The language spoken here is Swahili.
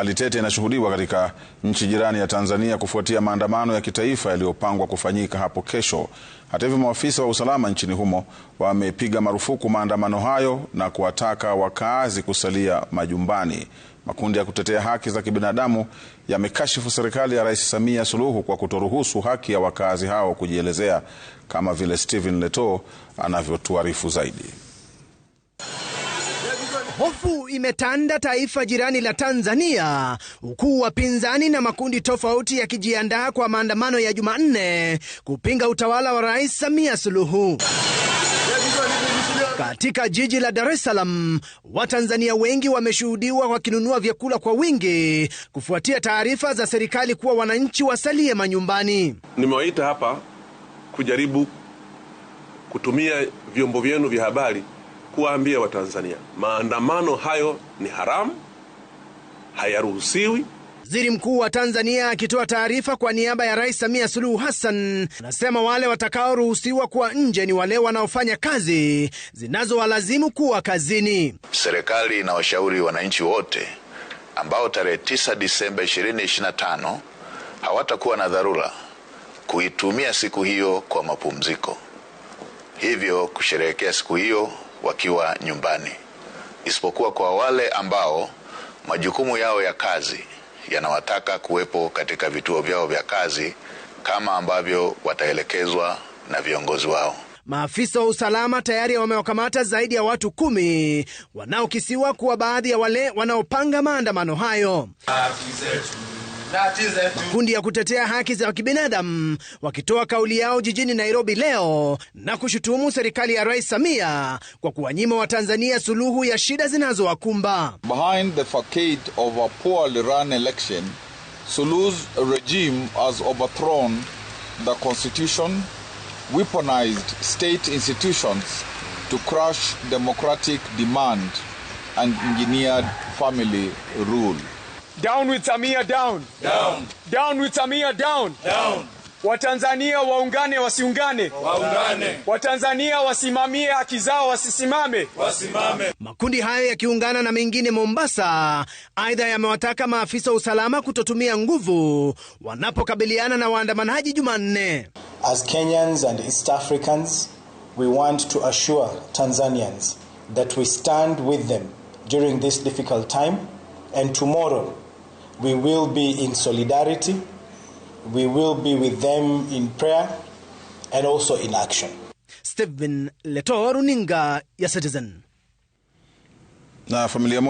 Hali tete inashuhudiwa katika nchi jirani ya Tanzania kufuatia maandamano ya kitaifa yaliyopangwa kufanyika hapo kesho. Hata hivyo, maafisa wa usalama nchini humo wamepiga marufuku maandamano hayo na kuwataka wakaazi kusalia majumbani. Makundi ya kutetea haki za kibinadamu yamekashifu serikali ya Rais Samia Suluhu kwa kutoruhusu haki ya wakaazi hao kujielezea, kama vile Stephen Leto anavyotuarifu zaidi. Hofu imetanda taifa jirani la Tanzania, huku wapinzani na makundi tofauti yakijiandaa kwa maandamano ya Jumanne kupinga utawala wa Rais Samia Suluhu. Katika jiji la Dar es Salaam, Watanzania wengi wameshuhudiwa wakinunua vyakula kwa wingi kufuatia taarifa za serikali kuwa wananchi wasalie manyumbani. Nimewaita hapa kujaribu kutumia vyombo vyenu vya habari kuwaambia Watanzania maandamano hayo ni haramu, hayaruhusiwi. Waziri Mkuu wa Tanzania akitoa taarifa kwa niaba ya Rais Samia Suluhu Hassan anasema wale watakaoruhusiwa kuwa nje ni wale wanaofanya kazi zinazowalazimu kuwa kazini. Serikali inawashauri wananchi wote ambao tarehe 9 Disemba 2025 hawatakuwa na dharura kuitumia siku hiyo kwa mapumziko, hivyo kusherehekea siku hiyo wakiwa nyumbani, isipokuwa kwa wale ambao majukumu yao ya kazi yanawataka kuwepo katika vituo vyao vya kazi kama ambavyo wataelekezwa na viongozi wao. Maafisa wa usalama tayari wamewakamata zaidi ya watu kumi wanaokisiwa kuwa baadhi ya wale wanaopanga maandamano hayo. Kundi ya kutetea haki za kibinadamu wakitoa kauli yao jijini Nairobi leo na kushutumu serikali ya Rais Samia kwa kuwanyima Watanzania suluhu ya shida zinazowakumba. Behind the facade of a poorly run election, regime has overthrown the constitution, weaponized state institutions to crush democratic demand and engineered family rule. Down with Samia down. Down. Down with Samia down. Down. Watanzania waungane wasiungane? Waungane. Watanzania wasimamie haki zao wasisimame? Wasimame. Makundi hayo yakiungana na mengine Mombasa, aidha yamewataka maafisa wa usalama kutotumia nguvu wanapokabiliana na waandamanaji Jumanne. As Kenyans and East Africans, we want to assure Tanzanians that we stand with them during this difficult time and tomorrow We will be in solidarity. We will be with them in prayer and also in action. Stephen letoruninga ya Citizen. Na familia